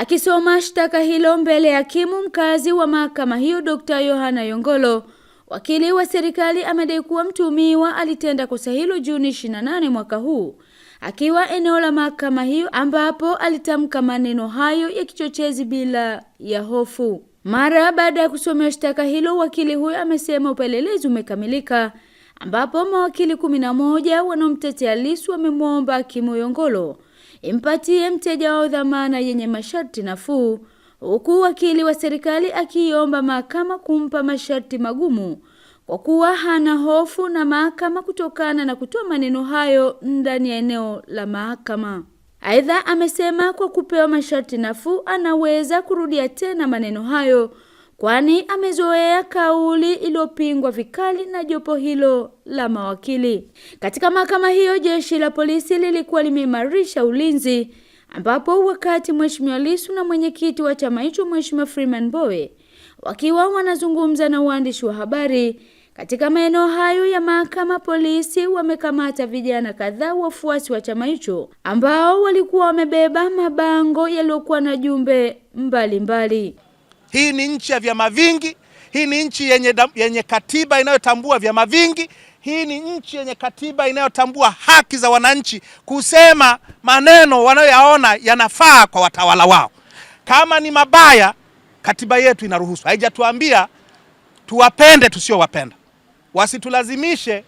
Akisoma shtaka hilo mbele ya hakimu mkazi wa mahakama hiyo Dr. Yohana Yongolo, wakili wa serikali amedai kuwa mtuhumiwa alitenda kosa hilo Juni 28 mwaka huu akiwa eneo la mahakama hiyo ambapo alitamka maneno hayo ya kichochezi bila ya hofu. Mara baada ya kusomewa shtaka hilo, wakili huyo amesema upelelezi umekamilika ambapo mawakili 11 na moja wanaomtetea Lissu wamemwomba hakimu Yongolo impatie mteja wao dhamana yenye masharti nafuu, huku wakili wa serikali akiomba mahakama kumpa masharti magumu kwa kuwa hana hofu na mahakama kutokana na kutoa maneno hayo ndani ya eneo la mahakama. Aidha, amesema kwa kupewa masharti nafuu anaweza kurudia tena maneno hayo kwani amezoea kauli iliyopingwa vikali na jopo hilo la mawakili. Katika mahakama hiyo, jeshi la polisi lilikuwa limeimarisha ulinzi, ambapo wakati Mheshimiwa Lissu na mwenyekiti wa chama hicho Mheshimiwa Freeman Mbowe wakiwa wanazungumza na waandishi wa habari katika maeneo hayo ya mahakama, polisi wamekamata vijana kadhaa wafuasi wa chama hicho ambao walikuwa wamebeba mabango yaliyokuwa na jumbe mbalimbali. Hii ni nchi ya vyama vingi. Hii ni nchi yenye, yenye katiba inayotambua vyama vingi. Hii ni nchi yenye katiba inayotambua haki za wananchi kusema maneno wanayoyaona yanafaa kwa watawala wao. Kama ni mabaya, katiba yetu inaruhusu, haijatuambia tuwapende tusiowapenda. Wasitulazimishe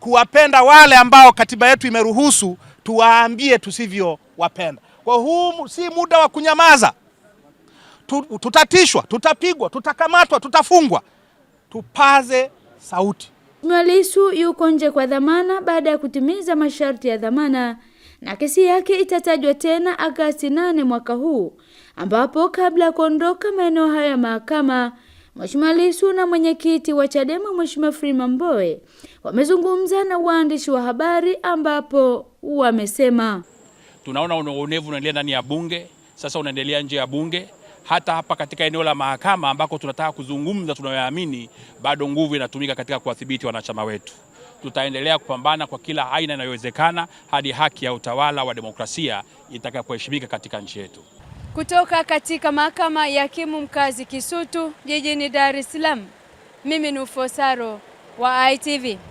kuwapenda wale ambao katiba yetu imeruhusu tuwaambie tusivyowapenda. Kwa huu si muda wa kunyamaza tutatishwa, tutapigwa, tutakamatwa, tutafungwa. Tupaze sauti. Mheshimiwa Lissu yuko nje kwa dhamana baada ya kutimiza masharti ya dhamana na kesi yake itatajwa tena Agasti nane mwaka huu, ambapo kabla ya kuondoka maeneo hayo ya mahakama, Mheshimiwa Lissu na mwenyekiti wa Chadema Mheshimiwa Freeman Mbowe wamezungumza na waandishi wa habari, ambapo wamesema tunaona unaonevu unaendelea ndani ya bunge, sasa unaendelea nje ya bunge hata hapa katika eneo la mahakama ambako tunataka kuzungumza tunayoamini, bado nguvu inatumika katika kuwadhibiti wanachama wetu. Tutaendelea kupambana kwa kila aina inayowezekana hadi haki ya utawala wa demokrasia itakapoheshimika katika nchi yetu. Kutoka katika mahakama ya hakimu mkazi Kisutu jijini Dar es Salaam, mimi ni Ufosaro wa ITV.